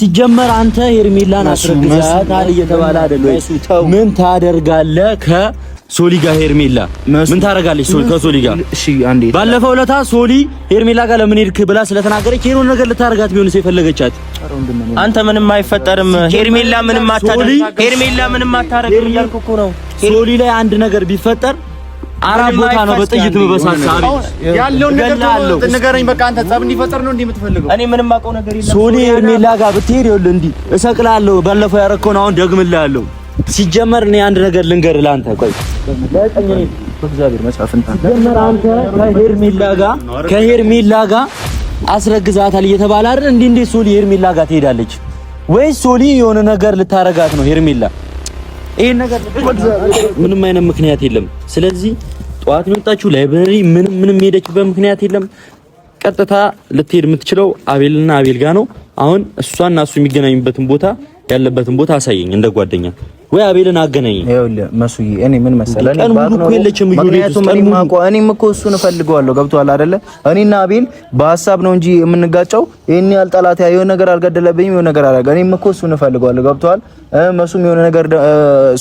ሲጀመር አንተ ሄርሜላን አስረግዛታል እየተባለ አይደል ምን ታደርጋለህ ከሶሊ ጋር? ሄርሜላ ምን ታደርጋለች ከሶሊ ጋር? ባለፈው ለታ ሶሊ ሄርሜላ ጋር ለምን ሄድክ ብላ ስለተናገረች ይሄን ነገር ልታደርጋት ቢሆንስ የፈለገቻት? አንተ ምንም አይፈጠርም፣ ሄርሜላ ምንም አታደርግ፣ ሄርሜላ ምንም አታደርግ እያልኩ እኮ ነው። ሶሊ ላይ አንድ ነገር ቢፈጠር አራት ቦታ ነው በጥይት በበሳሳ ያለውን ነገር ንገረኝ። በቃ አንተ ጸብ እንዲፈጠር ነው እንዲህ የምትፈልገው? እኔ ምንም አውቀው ነገር የለም። ሶኒ ሄርሜላ ጋር ብትሄድ ይኸውልህ እንዲህ እሰቅልሃለሁ። ባለፈው ያደረግከውን አሁን ደግምልሃለሁ። ሲጀመር እኔ አንድ ነገር ልንገርህ ለአንተ። ቆይ በእግዚአብሔር መጽሐፍ ሲጀመር አንተ ከሄርሜላ ጋር ከሄርሜላ ጋር አስረግዛታል እየተባለ አይደል? እንዲህ እንዴት ሶሊ ሄርሜላ ጋር ትሄዳለች? ወይስ ሶሊ የሆነ ነገር ልታረጋት ነው ሄርሜላ? ይሄን ነገር ምንም አይነት ምክንያት የለም። ስለዚህ ጠዋት የመጣችሁ ላይብረሪ ምንም ምንም የሄደችበት ምክንያት የለም። ቀጥታ ልትሄድ የምትችለው አቤልና አቤል ጋ ነው። አሁን እሷና እሱ የሚገናኙበትን ቦታ ያለበትን ቦታ አሳየኝ እንደ ጓደኛ ወይ አቤልን አገናኝ። ይኸውልህ መሱዬ፣ እኔ ምን መሰለህ እኔ ሙሉ እኮ የለችም። እኔም እኮ እሱን እፈልገዋለሁ። ገብቶሃል አይደለ? እኔና አቤል በሀሳብ ነው እንጂ የምንጋጨው። ይሄን ያህል ጠላት የሆነ ነገር አልገደለብኝም፣ የሆነ ነገር አላደረገ። እኔም እኮ እሱን እፈልገዋለሁ። ገብቶሃል? መሱም የሆነ ነገር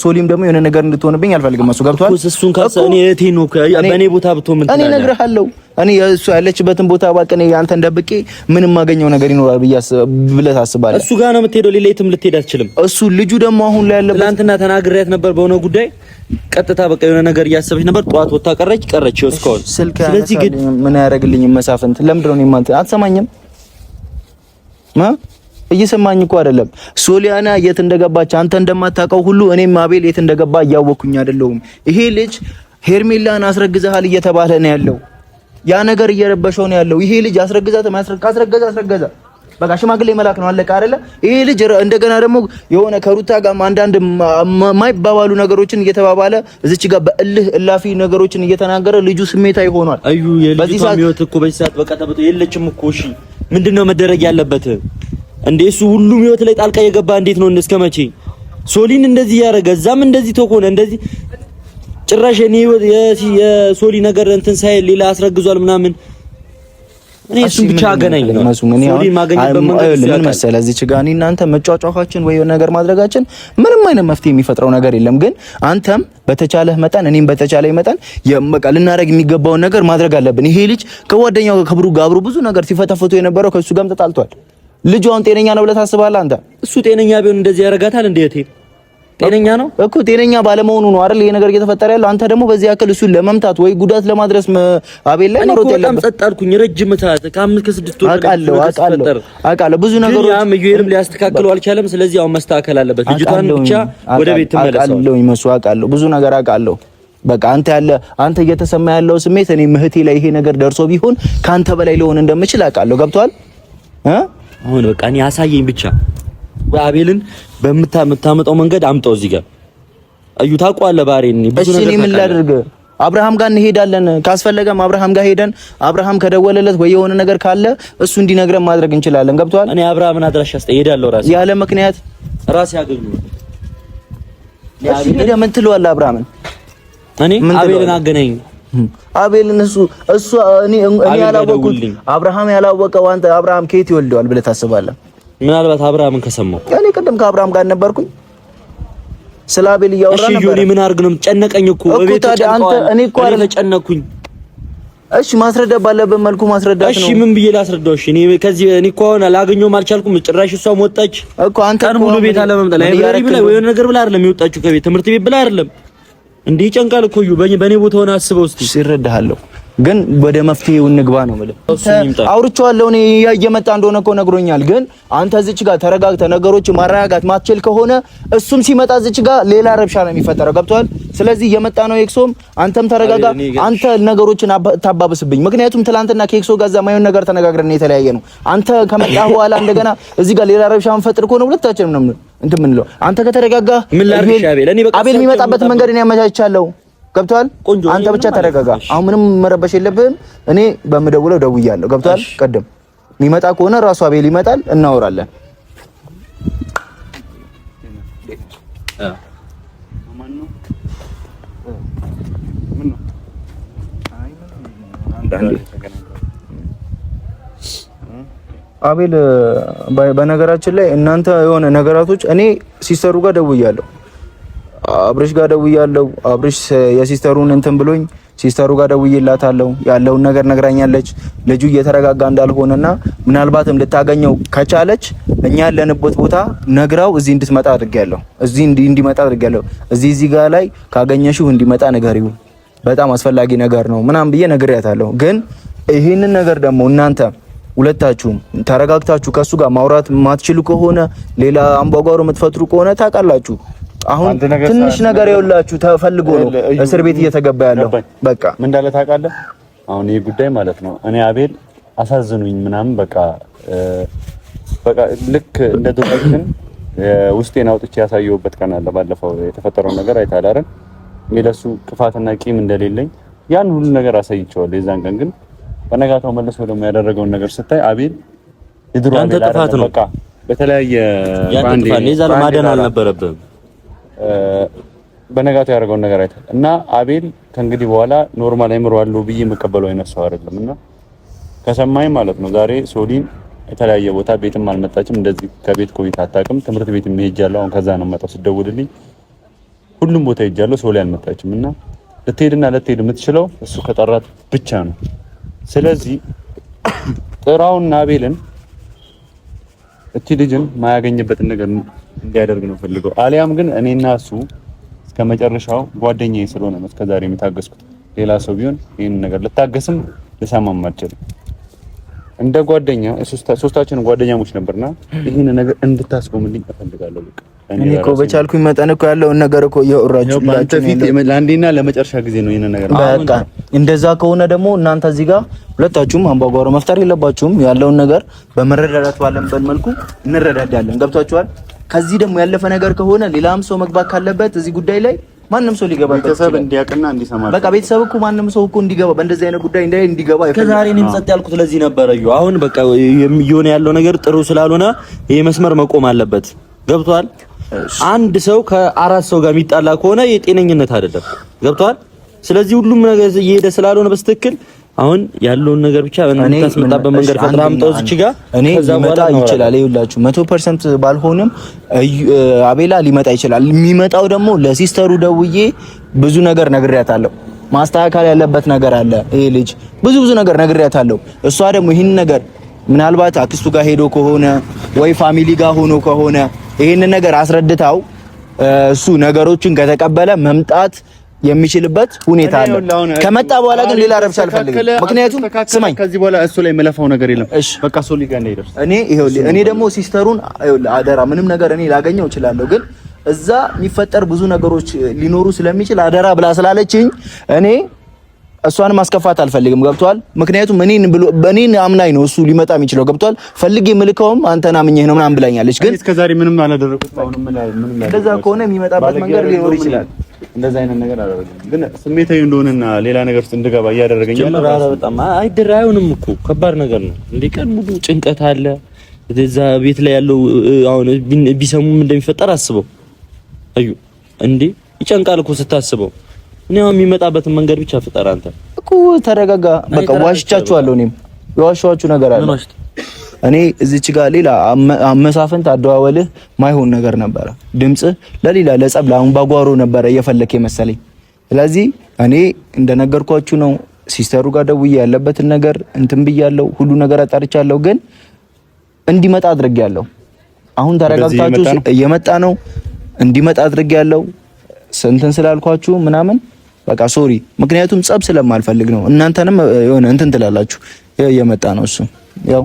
ሶሊም ደግሞ የሆነ ነገር እንድትሆንብኝ አልፈልግም። መሱ ገብቶሃል? እሱን ካሰ እኔ እህቴ ነው። በእኔ ቦታ ብትሆን ምን እኔ እነግርሃለሁ እኔ እሱ ያለችበትን ቦታ ባቀኔ እኔ አንተን ደብቄ ምንም ማገኘው ነገር ይኖራል ብለህ ታስባለህ? እሱ ጋር ነው የምትሄደው፣ ሌላ የትም ልትሄድ አትችልም። እሱ ልጁ ደግሞ አሁን ላይ ያለበት ትናንትና ተናግሬያት ነበር በሆነ ጉዳይ ቀጥታ በቃ የሆነ ነገር እያሰበች ነበር። ጠዋት ወጣ ቀረች ቀረች እስካሁን ስለዚህ ግን ምን ያደርግልኝ መሳፍንት ለምንድነው ነው የማንተ አትሰማኝም? እየሰማኝ እኮ አይደለም። ሶሊያና የት እንደገባች አንተ እንደማታውቀው ሁሉ እኔም አቤል የት እንደገባ እያወኩኝ አይደለሁም። ይሄ ልጅ ሄርሜላን አስረግዘሃል እየተባለ ነው ያለው ያ ነገር እየረበሸው ነው ያለው። ይሄ ልጅ አስረግዛት ማስረጋዝ አስረገዛ በቃ ሽማግሌ መላክ ነው አለቀ አይደለ? ይሄ ልጅ እንደገና ደግሞ የሆነ ከሩታ ጋር አንዳንድ የማይባባሉ ነገሮችን እየተባባለ እዚች ጋር በእልህ እላፊ ነገሮችን እየተናገረ ልጁ ስሜታዊ ሆኗል። አዩ የልጅቷ ህይወት እኮ በዚህ ሰዓት በቃ ተበቶ የለችም እኮ እሺ፣ ምንድነው መደረግ ያለበት እንዴ? እሱ ሁሉም ህይወት ላይ ጣልቃ የገባ እንዴት ነው? እስከ ሶሊን እንደዚህ ያደረገ እዛም እንደዚህ ተኮነ እንደዚህ ጭራሽ የኔ የሶሊ ነገር እንትን ሳይል ሌላ አስረግዟል ምናምን እኔ እሱን ብቻ አገናኝ ነው ማለት ነው። ሶሊን ማገኘት ምን መሰለህ፣ እዚህ ችጋኒ እናንተ መጫጫኋችን ወይ ነገር ማድረጋችን ምንም አይነት መፍትሄ የሚፈጥረው ነገር የለም። ግን አንተም በተቻለህ መጠን እኔም በተቻለህ መጠን በቃ ልናደርግ የሚገባውን ነገር ማድረግ አለብን። ይሄ ልጅ ከጓደኛው ከብሩ ጋር አብሮ ብዙ ነገር ሲፈተፈቱ የነበረው ከእሱ ጋርም ተጣልቷል። ልጇን ጤነኛ ነው ብለህ ታስባለህ አንተ? እሱ ጤነኛ ቢሆን እንደዚህ ያደርጋታል እንዴት? ጤነኛ ነው እኮ ጤነኛ ባለመሆኑ ነው አይደል ይሄ ነገር እየተፈጠረ ያለው። አንተ ደግሞ በዚህ ያክል እሱን ለመምታት ወይ ጉዳት ለማድረስ አቤል ላይ መሮጥ ያለበት። በጣም ጸጥ አልኩኝ። ረጅም ሰዓት ከአምስት ከስድስት ወር አውቃለሁ፣ አውቃለሁ ብዙ ነገሮች ያም ይሄንም ሊያስተካክለው አልቻለም። ስለዚህ አሁን መስተካከል አለበት። ልጅቷን ብቻ ወደ ቤት ትመለሳለህ አውቃለሁ፣ ይመሱ አውቃለሁ፣ ብዙ ነገር አውቃለሁ። በቃ አንተ ያለ አንተ እየተሰማ ያለው ስሜት እኔ እህቴ ላይ ይሄ ነገር ደርሶ ቢሆን ከአንተ በላይ ሊሆን እንደምችል አውቃለሁ። ገብቷል አሁን በቃ እኔ አሳየኝ ብቻ አቤልን በምታመጣው መንገድ አምጣው። እዚህ ጋር እዩ ታውቀዋለህ ባህሪዬን። ብዙ ነገር ምን ላድርግ? አብርሃም ጋር እንሄዳለን። ካስፈለገም አብርሃም ጋር ሄደን አብርሃም ከደወለለት ወይ የሆነ ነገር ካለ እሱ እንዲነግረን ማድረግ እንችላለን። ገብቷል እኔ አብርሃምን አድራሻ አስጠ እሄዳለሁ ራሴ ያለ ምክንያት ራሴ አገኘው። እሺ ሄደህ ምን ትለዋለህ? አብርሃምን እኔ አቤልን አገናኝ አቤልን እሱ እሱ እኔ እኔ ያላወቅኩት አብርሃም ያላወቀው አንተ አብርሃም ከየት ይወልደዋል ብለህ ታስባለህ? ምናልባት አብርሃምን ከሰማው እኔ ቅድም ከአብርሃም ጋር ነበርኩኝ። ስለ አቤል እያወራ ነበር። እሺ ዮኒ ምን አድርግ ነው? ጨነቀኝ እኮ በቤት አንተ እኔ እኮ ተጨነቅኩኝ። እሺ ማስረዳ ባለበት መልኩ ማስረዳት ነው። እሺ ምን ብዬ ላስረዳው? እሺ እኔ ከዚህ እኔ እኮ አሁን ላገኘውም አልቻልኩም። ጭራሽ እሷ ወጣች እኮ አንተ ቀን ሙሉ ቤት አለመምጣት ላይብረሪ ብላ ወይ ነገር ብላ አይደለም የወጣችሁ ከቤት ትምህርት ቤት ብላ አይደለም እንዴ? ጨንቃል እኮ እዩ። በኔ ቦታ ሆነ አስበው እስቲ ሲረዳሃለሁ ግን ወደ መፍትሄው እንግባ ነው ማለት አውርቼዋለሁ። እኔ እየመጣ እንደሆነ እኮ ነግሮኛል። ግን አንተ እዚች ጋር ተረጋግተ ነገሮች ማረጋጋት ማትችል ከሆነ እሱም ሲመጣ እዚች ጋር ሌላ ረብሻ ነው የሚፈጠረው። ገብቶሃል? ስለዚህ እየመጣ ነው ኤክሶም፣ አንተም ተረጋጋ። አንተ ነገሮችን ታባብስብኝ። ምክንያቱም ትላንትና ከኤክሶ ጋር እዛ ማይሆን ነገር ተነጋግረን የተለያየ ነው። አንተ ከመጣ በኋላ እንደገና እዚህ ጋር ሌላ ረብሻ መንፈጥር ከሆነ ሁለታችንም ነው እንትን የምንለው። አንተ ከተረጋጋ አቤል የሚመጣበት መንገድ እኔ አመቻቻለሁ። ገብቷል። አንተ ብቻ ተረጋጋ። አሁን ምንም መረበሽ የለብህም። እኔ በምደውለው ደውያለሁ። ገብቷል። ቀደም የሚመጣ ከሆነ ራሱ አቤል ይመጣል፣ እናወራለን። አቤል በነገራችን ላይ እናንተ የሆነ ነገራቶች እኔ ሲሰሩ ጋር ደውያለሁ አብርሽ ጋር ደውያለሁ። አብርሽ የሲስተሩን እንትን ብሎኝ ሲስተሩ ጋር ደውዬላታለሁ። ያለውን ነገር ነግራኛለች። ልጁ እየተረጋጋ እንዳልሆነና ምናልባትም ልታገኘው ከቻለች እኛ ያለንበት ቦታ ነግራው እዚህ እንድትመጣ አድርጌያለሁ። እዚህ እንዲመጣ አድርጌያለሁ። እዚህ እዚህ ጋር ላይ ካገኘሽው እንዲመጣ ይሁን በጣም አስፈላጊ ነገር ነው ምናምን ብዬ ነግሬያታለሁ። ግን ይህንን ነገር ደግሞ እናንተ ሁለታችሁም ተረጋግታችሁ ከሱ ጋር ማውራት የማትችሉ ከሆነ ሌላ አምባጓሮ የምትፈጥሩ ከሆነ ታውቃላችሁ አሁን ትንሽ ነገር የውላችሁ ተፈልጎ ነው እስር ቤት እየተገባ ያለው። በቃ ምን እንዳለ ታውቃለህ? አሁን ይህ ጉዳይ ማለት ነው እኔ አቤል አሳዝኑኝ ምናምን በቃ በቃ ልክ እንደ ዶክተርን ውስጤን አውጥቼ ያሳየሁበት ቀን አለ። ባለፈው የተፈጠረው ነገር አይታላረን አይደል? የለሱ ክፋትና ቂም እንደሌለኝ ያን ሁሉ ነገር አሳይቼዋለሁ። የዛን ቀን ግን በነጋታው መልሶ ደግሞ ያደረገውን ነገር ስታይ አቤል የድሮ ጥፋት ነው። በቃ በተለያየ ማደን አልነበረብህም በነጋቱ ያደርገውን ነገር አይታል እና አቤል ከእንግዲህ በኋላ ኖርማል አይምሮ አለው ብዬ የምቀበለው አይነት ሰው አይደለም። እና ከሰማኝ ማለት ነው ዛሬ ሶሊን የተለያየ ቦታ ቤትም አልመጣችም፣ እንደዚህ ከቤት ቆይታ አታውቅም። ትምህርት ቤት ሄጃለሁ። አሁን ከዛ ነው መጣው ስደውልልኝ ሁሉም ቦታ ሄጃለሁ። ሶሊ አልመጣችም እና ልትሄድና ልትሄድ የምትችለው እሱ ከጠራት ብቻ ነው። ስለዚህ ጥራውና አቤልን እቺ ልጅን ማያገኝበትን ነገር እንዲያደርግ ነው ፈልገው። አሊያም ግን እኔና እሱ እስከ መጨረሻው ጓደኛዬ ስለሆነ ነው እስከዛሬ የታገስኩት። ሌላ ሰው ቢሆን ይህን ነገር ልታገስም ልሰማም አልችልም። እንደ ጓደኛ ሶስታችን ጓደኛሞች ነበርና ይህን ነገር እንድታስቆምልኝ እፈልጋለሁ። በቃ እኔ እኮ በቻልኩኝ መጠን እኮ ያለውን ነገር እኮ እያወራችሁ ለአንዴና ለመጨረሻ ጊዜ ነው ይሄን ነገር። በቃ እንደዛ ከሆነ ደግሞ እናንተ እዚህ ጋር ሁለታችሁም አምባጓሮ መፍጠር የለባችሁም። ያለውን ነገር በመረዳዳት ባለንበት መልኩ እንረዳዳለን። ገብቷችኋል? ከዚህ ደግሞ ያለፈ ነገር ከሆነ ሌላም ሰው መግባት ካለበት እዚህ ጉዳይ ላይ ማንም ሰው ሊገባበት ቤተሰብ እንዲያውቅና እንዲሰማ በቃ ቤተሰብ እኮ ማንም ሰው እኮ እንዲገባ በእንደዚህ አይነት ጉዳይ እንዳይ እንዲገባ ከዛሬ እኔም ጸጥ ያልኩት ለዚህ ነበረ። እዩ አሁን በቃ እየሆነ ያለው ነገር ጥሩ ስላልሆነ ይሄ መስመር መቆም አለበት። ገብቷል? አንድ ሰው ከአራት ሰው ጋር የሚጣላ ከሆነ የጤነኝነት አይደለም። ገብቷል። ስለዚህ ሁሉም ነገር እየሄደ ስላልሆነ በስትክክል አሁን ያለውን ነገር ብቻ በምታስመጣበት መንገድ ፈጥራ አምጣው እዚች ጋር እኔ ሊመጣ ይችላል። ይኸውላችሁ መቶ ፐርሰንት ባልሆንም አቤላ ሊመጣ ይችላል። የሚመጣው ደግሞ ለሲስተሩ ደውዬ ብዙ ነገር ነግሬያታለሁ። ማስተካከል ያለበት ነገር አለ። ይህ ልጅ ብዙ ብዙ ነገር ነግሬያታለሁ። እሷ ደግሞ ይህን ነገር ምናልባት አክስቱ ጋር ሄዶ ከሆነ ወይ ፋሚሊ ጋር ሆኖ ከሆነ ይህንን ነገር አስረድታው እሱ ነገሮችን ከተቀበለ መምጣት የሚችልበት ሁኔታ አለ። ከመጣ በኋላ ግን ሌላ ረብሻ አልፈልግም። ምክንያቱም ስማኝ፣ ከዚህ በኋላ እሱ ላይ የምለፋው ነገር የለም። በቃ ሶሊ ጋር እንዳይደርስ እኔ ይሄው እኔ ደግሞ ሲስተሩን አደራ፣ ምንም ነገር እኔ ላገኘው እችላለሁ፣ ግን እዛ የሚፈጠር ብዙ ነገሮች ሊኖሩ ስለሚችል አደራ ብላ ስላለችኝ እኔ እሷን ማስከፋት አልፈልግም። ገብቷል? ምክንያቱም እኔን ብሎ እኔን አምናኝ ነው እሱ ሊመጣ የሚችለው። ገብቷል? ፈልጌ ምልከውም አንተን አምኜህ ነው ምናምን ብላኛለች። ግን ዛሬ ምንም አላደረኩት። አሁን ምን እንደዛ ከሆነ ሌላ ነገር ውስጥ እንድገባ እያደረገኝ ያለው አይሆንም እኮ ከባድ ነገር ነው እንዴ! ቀን ሙሉ ጭንቀት አለ። እዛ ቤት ላይ ያለው አሁን ቢሰሙም እንደሚፈጠር አስበው። አዩ እንዴ! ይጨንቃል እኮ ስታስበው እኔ የሚመጣበትን መንገድ ብቻ ፍጠር። አንተ እኮ ተረጋጋ። በቃ ዋሽቻችኋለሁ። እኔም የዋሸኋችሁ ነገር አለ። እኔ እዚች ጋር ሌላ አመሳፍንት አደዋወልህ ማይሆን ነገር ነበረ። ድምጽ ለሌላ ለጸብ፣ ለአምባጓሮ ነበረ እየፈለክ የመሰለኝ። ስለዚህ እኔ እንደነገርኳችሁ ነው። ሲስተሩ ጋር ደውዬ ያለበትን ነገር እንትን ብያለሁ። ሁሉ ነገር አጣርቻለሁ፣ ግን እንዲመጣ አድርጌያለሁ። አሁን ተረጋግታችሁ እየመጣ ነው። እንዲመጣ አድርጌያለሁ። ስንትን ስላልኳችሁ ምናምን በቃ ሶሪ። ምክንያቱም ጸብ ስለማልፈልግ ነው። እናንተንም የሆነ እንትን ትላላችሁ። የመጣ ነው እሱ ያው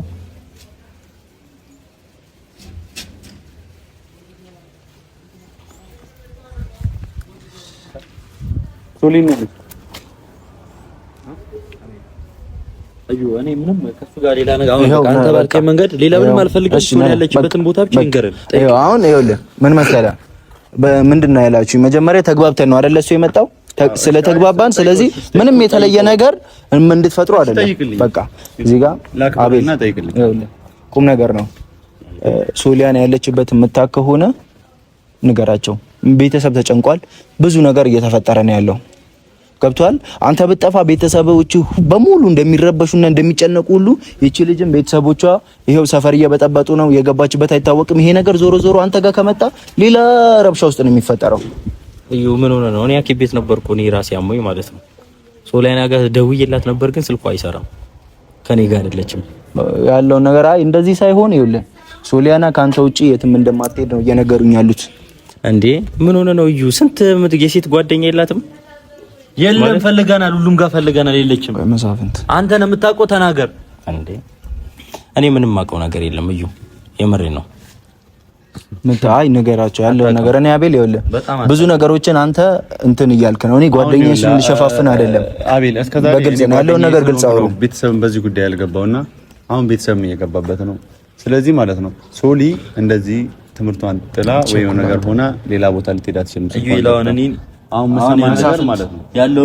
ምንም ጋር ሌላ ነገር አሁን መንገድ ሌላ ምንም አልፈልግም። እሱ ያለችበትን ቦታ ብቻ አሁን ምን መሰለህ ምንድን ነው ያላችሁ መጀመሪያ ተግባብተን ነው አይደለ እሱ የመጣው ስለተግባባን፣ ስለዚህ ምንም የተለየ ነገር እንድትፈጥሩ አይደለም። በቃ እዚህ ጋር አቤል ቁም ነገር ነው። ሶሊያን ያለችበት የምታክ ከሆነ ንገራቸው። ቤተሰብ ተጨንቋል። ብዙ ነገር እየተፈጠረ ነው ያለው። ገብቷል። አንተ ብጠፋ ቤተሰቦች በሙሉ እንደሚረበሹና እንደሚጨነቁ ሁሉ ይቺ ልጅም ቤተሰቦቿ ይሄው ሰፈር እየበጠበጡ ነው። የገባችበት አይታወቅም። ይሄ ነገር ዞሮ ዞሮ አንተ ጋር ከመጣ ሌላ ረብሻ ውስጥ ነው የሚፈጠረው። እዩ ምን ሆነ ነው? እኔ አኪቤት ቤት ነበርኩ እኔ ራሴ አሞኝ ማለት ነው። ሶሊያና ጋር ደውዬላት ነበር፣ ግን ስልኩ አይሰራም። ከኔ ጋር አይደለችም ያለውን ነገር አይ እንደዚህ ሳይሆን ይኸውልህ፣ ሶሊያና ካንተ ውጪ የትም እንደማትሄድ ነው እየነገሩኝ ያሉት። እንዴ ምን ሆነ ነው? እዩ ስንት የሴት ጓደኛ የላትም? የለም ፈልገናል፣ ሁሉም ጋር ፈልገናል፣ የለችም። መሳፍንት አንተ ነው የምታውቀው፣ ተናገር። እንዴ እኔ ምንም አውቀው ነገር የለም እዩ፣ የምሬ ነው ምታይ ነገራቸው ያለው ነገር እኔ አቤል ይወለ ብዙ ነገሮችን አንተ እንትን እያልክ ነው። እኔ ጓደኛሽን ልሸፋፍን አይደለም አቤል፣ እስከዛ በግልጽ ነው ያለውን ነገር ግልጽ አውሩ። ቤተሰብን በዚህ ጉዳይ ያልገባውና አሁን ቤተሰብም እየገባበት ነው። ስለዚህ ማለት ነው ሶሊ እንደዚህ ትምህርቷን ጥላ ወይ ነገር ሆና ሌላ ቦታ ልትሄድ አትችልም። አሁን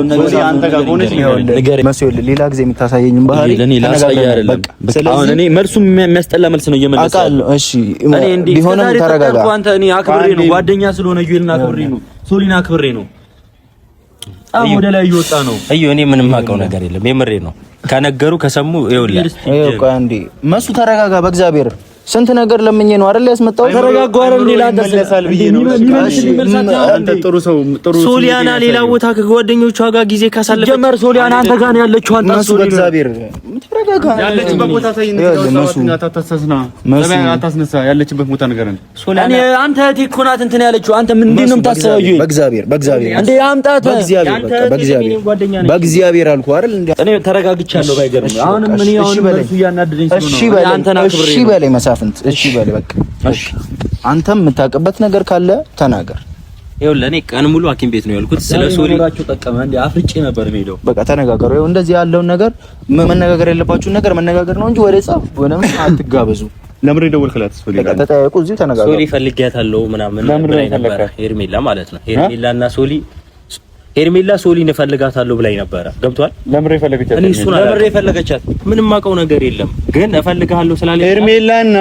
ነገር ነው ነገር ሌላ ጊዜ የምታሳየኝም ባህሪ ለኔ ላሳየ አይደለም። አሁን እኔ መልሱ የሚያስጠላ መልስ ነው እየመለሰ እሺ ተረጋጋ። አንተ እኔ አክብሬ ነው ጓደኛ ስለሆነ አክብሬ ነው ሶሊና አክብሬ ነው። አሁን ወደ ላይ እየወጣ ነው። እኔ ምንም አውቀው ነገር የለም። የምሬ ነው። ከነገሩ ከሰሙ ይኸውልህ፣ መሱ ተረጋጋ በእግዚአብሔር ስንት ነገር ለምኜ ነው አይደል ያስመጣው። ተረጋጓረ ሌላ ተሰለሳል ብዬ ነው። አንተ ጥሩ ሰው ጥሩ ሶሊያና ሌላ ቦታ ከጓደኞቿ ጋር ጊዜ ካሳለፈ ጀመር ሶሊያና አንተ ጋር ነው ያለችው። አንተ ተረጋጋ። አንተ ያለችው አንተ ነው በእግዚአብሔር በእግዚአብሔር አምጣት በእግዚአብሔር በእግዚአብሔር በእግዚአብሔር አይደል እንዴ። እኔ ተረጋግቻለሁ። ነው። እሺ አፍንት እሺ በል በቃ እሺ። አንተም የምታውቅበት ነገር ካለ ተናገር። ይኸውልህ ለኔ ቀን ሙሉ ሐኪም ቤት ነው ያልኩት። ስለ ሶሪ ጠቀመ እንዴ አፍርጬ ነበር የምሄደው። በቃ ተነጋገሩ። ይኸው እንደዚህ ያለውን ነገር መነጋገር ያለባችሁን ነገር መነጋገር ነው እንጂ ወደ ጻፍ ወደም አትጋበዙ። ለምን ደወልክላት? ሶሪ በቃ ተጠያየቁ፣ እዚሁ ተነጋገሩ። ሶሪ ፈልጊያታለሁ ምናምን ለምን ነበር ሄርሜላ ማለት ነው ሄርሜላ እና ሶሊ ሄርሜላ ሶሊን እፈልጋታለሁ ብላኝ ነበረ። ገብቷል። ለምሬ ፈለገቻት። እኔ እሱን ለምሬ ፈለገቻት። ምንም የማውቀው ነገር የለም፣ ግን እፈልጋለሁ ስላለኝ ሄርሜላና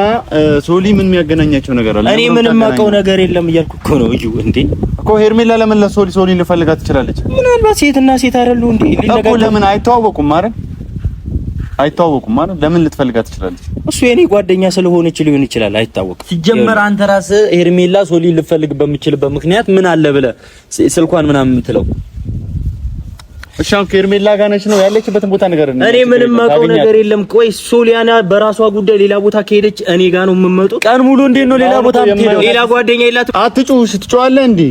ሶሊ ምን የሚያገናኛቸው ነገር አለ? እኔ ምንም የማውቀው ነገር የለም እያልኩ እኮ ነው። እዩ እንዴ እኮ ሄርሜላ ለምን ለሶሊ ሶሊን ልፈልጋት ትችላለች? ምናልባት ሴትና ሴት አይደሉ እንዴ? ለምን አይተዋወቁም? ማረን አይታወቁም ማለት ለምን ልትፈልጋ ትችላለች? እሱ የኔ ጓደኛ ስለሆነች ሊሆን ይችላል። አይታወቅም። ሲጀመር አንተ ራስህ ሄርሜላ ሶሊ ልፈልግ በምችልበት ምክንያት ምን አለ ብለህ ስልኳን ምናምን የምትለው እሺ አሁን ከሄርሜላ ጋር ነች ነው ያለችበትን ቦታ ነገር እኔ ምንም አውቀው ነገር የለም። ቆይ ሶሊያና በራሷ ጉዳይ ሌላ ቦታ ከሄደች እኔ ጋር ነው የምመጡት። ቀን ሙሉ እንዴት ነው ሌላ ቦታ የምትሄደው? ሌላ ጓደኛ የላትም። አትጩህ። ስትጮህ አለ እንዴ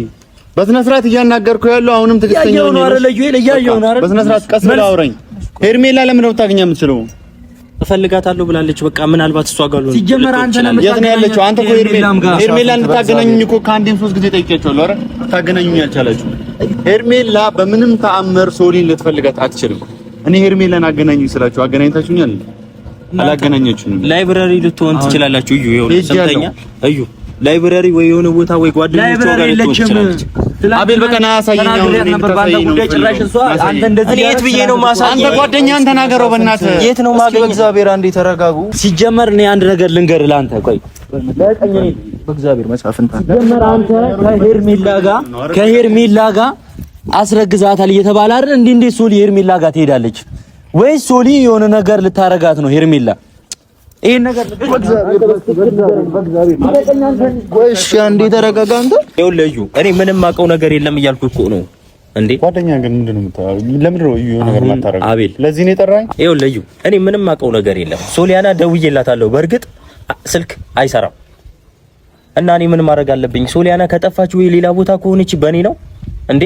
በስነ ስርዓት እያናገርኩ ያለው አሁንም ትክክለኛ ነው አይደል? ለዩ ለያየው ነው አይደል? በስነ ስርዓት ቀስ ብለህ አውረኝ። ሄርሜላ ለምን ነው ታገኛ የምትችለው? እፈልጋታለሁ ብላለች። በቃ ምናልባት እሷ ጋር ነው ሲጀመር። አንተ ነው የት ነው ያለችው? አንተ እኮ ሄርሜላ እንድታገናኙኝ እኮ ከአንዴም ሶስት ጊዜ ጠይቄያቸዋለሁ። አረ ታገናኙኝ ያልቻላችሁ ሄርሜላ በምንም ተአምር ሶሊን ልትፈልጋት አትችልም። እኔ ሄርሜላን አገናኙኝ ስላችሁ አገናኝታችሁኛል? አላገናኛችሁኝም። ላይብራሪ ልትሆን ትችላላችሁ። እዩ ይሁን ሰምተኛ እዩ ላይብረሪ ወይ የሆነ ቦታ ወይ ጓደኞቿ ጋር አቤል በቀና ያሳየኛው የት ብዬ ነው ማሳየኝ? አንተ ጓደኛህን ተናገረው በእናትህ። የት ነው ማገኝ? እግዚአብሔር አንዴ ተረጋጉ። ሲጀመር እኔ አንድ ነገር ልንገር ለአንተ ቆይ በእግዚአብሔር መሳፍንታ ሲጀመር አንተ ከሄርሜላ ጋር ከሄርሜላ ጋር አስረግዛታል እየተባለ አይደል? እንዴ እንዴ ሶሊ ሄርሜላ ጋር ትሄዳለች ወይስ ሶሊ የሆነ ነገር ልታረጋት ነው ሄርሜላ ይሄን ነገር እኔ ምንም አውቀው ነገር የለም እያልኩ እኮ ነው እንዴ። ጓደኛ ግን የምታወራው? ለምንድን ነው እዩ ነገር አቤል ለዚህ ነው እኔ ምንም አውቀው ነገር የለም። ሶሊያና ደውዬላታለሁ። በእርግጥ ስልክ አይሰራም እና እኔ ምን ማድረግ አለብኝ? ሶሊያና ከጠፋች ወይ ሌላ ቦታ ከሆነች በእኔ ነው እንዴ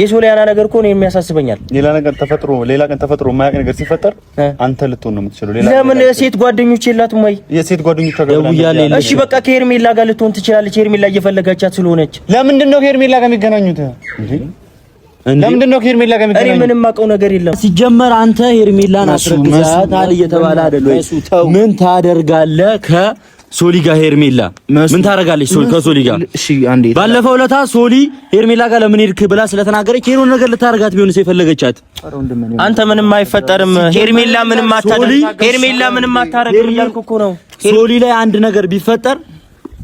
የሶሊያና ነገር እኮ ነው የሚያሳስበኛል። ሌላ ነገር ተፈጥሮ ሌላ ቀን ተፈጥሮ የማያውቅ ነገር ሲፈጠር አንተ ልትሆን ነው የምትችለው። ሌላ ለምን ሴት ጓደኞች የላትም ወይ? የሴት ጓደኞች ተገናኝተው እሺ፣ በቃ ከሄርሜላ ጋር ልትሆን ትችላለች። ሄርሜላ እየፈለጋቻት ስለሆነች ለምንድን ነው ከሄርሜላ ጋር የሚገናኙት? ለምንድን ነው ከሄርሜላ ጋር የሚገናኙት? እኔ ምንም አውቀው ነገር የለም። ሲጀመር አንተ ሄርሜላን አስረግዛታል እየተባለ አይደል? ምን ታደርጋለህ ከ ሶሊ ጋር ሄርሜላ ምን ታደርጋለች? ሶሊ ከሶሊ ጋር ባለፈው ለታ ሶሊ ሄርሜላ ጋር ለምን ሄድክ ብላ ስለተናገረች ይሄን ነገር ልታደርጋት ቢሆንስ የፈለገቻት አንተ ምንም አይፈጠርም። ሄርሜላ ምንም አታደርግ፣ ሄርሜላ ምንም አታደርግ እያልኩ እኮ ነው። ሶሊ ላይ አንድ ነገር ቢፈጠር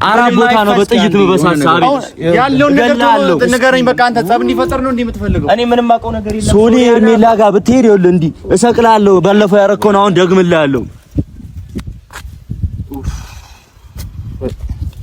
አራት ቦታ ነው በጥይት በበሳሳ አቤት ያለውን ነገር ንገረኝ። በቃ አንተ ጸብ እንዲፈጠር ነው እንዴ የምትፈልገው? እኔ ምንም አውቀው ነገር የለም። ሶሊ ሄርሜላ ጋር ብትሄድ ይኸውልህ እንዲህ እሰቅልሃለሁ፣ ባለፈው ያደረከውን አሁን ደግምልሃለሁ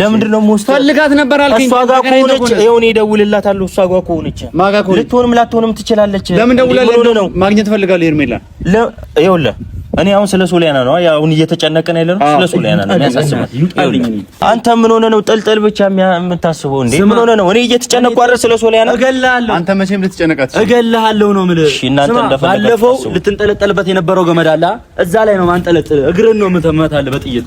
ለምንድን ነው የምወስደው? ፈልጋት ነበር አልከኝ። እሷ ጋር ከሆነች ይሁን እደውልላታለሁ። እሷ ጋር ከሆነች ልትሆንም ላትሆንም ትችላለች። ለምን ደውላለህ? ማግኘት ፈልጋለሁ ሄርሜላ። ይኸውልህ እኔ አሁን ስለ ሶሊያና ነው አሁን እየተጨነቀን ያለ ነው። ስለ ሶሊያና ነው የሚያሳስበው። አንተ ምን ሆነ ነው ጥልጥል ብቻ የምታስበው እንዴ? ምን ሆነ ነው? እኔ እየተጨነቅኩ አይደል? ስለ ሶሊያና እገልሃለሁ። አንተ መቼም ልትጨነቃት እገልሃለሁ ነው የምልህ። እሺ እናንተ እንደፈለጋችሁ ባለፈው ልትንጠለጠልበት የነበረው ገመድ አለ እዛ ላይ ነው ማንጠለጥልህ። እግርህን ነው የምትመታልህ በጥይት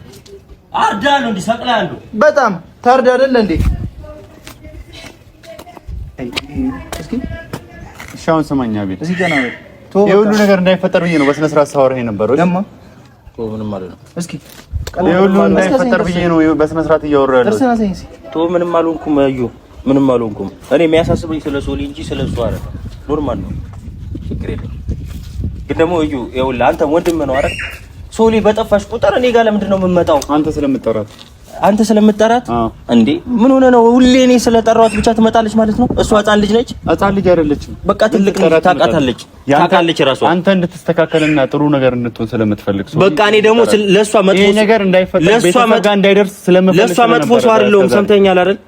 አርዳለሁ እንዴ ሰቅላለሁ። በጣም ታርዳ አይደለ እንዴ? እስኪ ሻውን ሰማኛ ቤት እስኪ ገና የሁሉ ነገር እንዳይፈጠር ብዬ ነው በስነ ስርዓት ሳወራ የነበረው ደግሞ ምንም ማለት እስኪ የሁሉ እንዳይፈጠር ብዬ ነው በስነ ስርዓት እያወራ ያለው። ምንም አልሆንኩም። እዩ ምንም አልሆንኩም። እኔ የሚያሳስበኝ ስለ ሶሊ እንጂ ስለ እሱ አይደለም። ኖርማል ነው፣ ግን ደግሞ እዩ ይኸውልህ፣ አንተም ወንድም ነው አይደል ሶሊ በጠፋሽ ቁጥር እኔ ጋር ለምንድን ነው የምመጣው? አንተ ስለምጠራት አንተ ስለምጠራት እንዴ? ምን ሆነ ነው ሁሌ እኔ ስለጠራኋት ብቻ ትመጣለች ማለት ነው? እሷ ህፃን ልጅ ነች። ህፃን ልጅ አይደለችም። በቃ ትልቅ ነች። ታውቃታለች፣ ታውቃለች ራሷ። አንተ እንድትስተካከልና ጥሩ ነገር እንድትሆን ስለምትፈልግ ሰው በቃ እኔ ደግሞ ለእሷ መጥፎ ይሄ ነገር እንዳይፈጠር እንዳይደርስ ስለምፈልግ ለእሷ መጥፎ ሰው አይደለሁም። ሰምተኛል አይደል?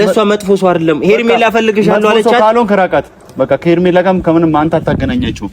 ለእሷ መጥፎ ሰው አይደለም። ሄርሜላ እፈልግሻለሁ አለቻት። ካልሆንክ ራቃት። በቃ ከሄርሜላ ጋርም ከምንም አንተ አታገናኛቸውም።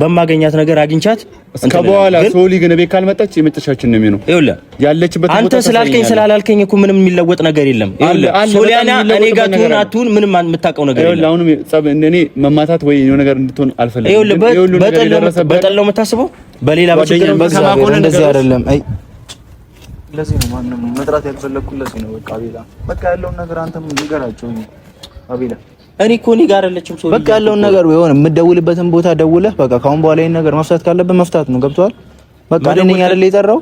በማገኛት ነገር አግኝቻት ከበኋላ ሶሊ ግን ቤት ካልመጣች የመጨረሻችን ነው የሚሆነው። ይኸውልህ ያለችበት አንተ ስላልከኝ ስላላልከኝ እኮ ምንም የሚለወጥ ነገር የለም። ይኸውልህ ሶሊያና እኔ ጋር ትሁን አትሁን ምንም የምታውቀው ነገር የለም። አሁንም ጸብ እንደኔ መማታት ወይ የሆነ ነገር እንድትሆን አልፈልግም። ይኸውልህ በጠለው የምታስበው በሌላ በችግር መሰማቆን እንደዚህ አይደለም። አይ ለዚህ ነው ማንም መጥራት ያልፈለኩ ለዚህ ነው። በቃ አቤላ በቃ ያለውን ነገር አንተም ንገራቸው አቤላ እኔ እኮ እኔ ጋር አለችም ሰው በቃ ያለውን ነገር የሆነ የምደውልበትን ቦታ ደውለህ በቃ ካሁን በኋላ ይሄን ነገር መፍታት ካለብን መፍታት ነው። ገብቶሃል? በቃ እኔ ነኝ አይደል የጠራው።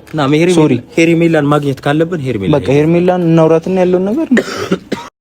ሄርሜላን ማግኘት ካለብን ሄርሜላን በቃ ሄርሜላን እናውራትና ያለውን ነገር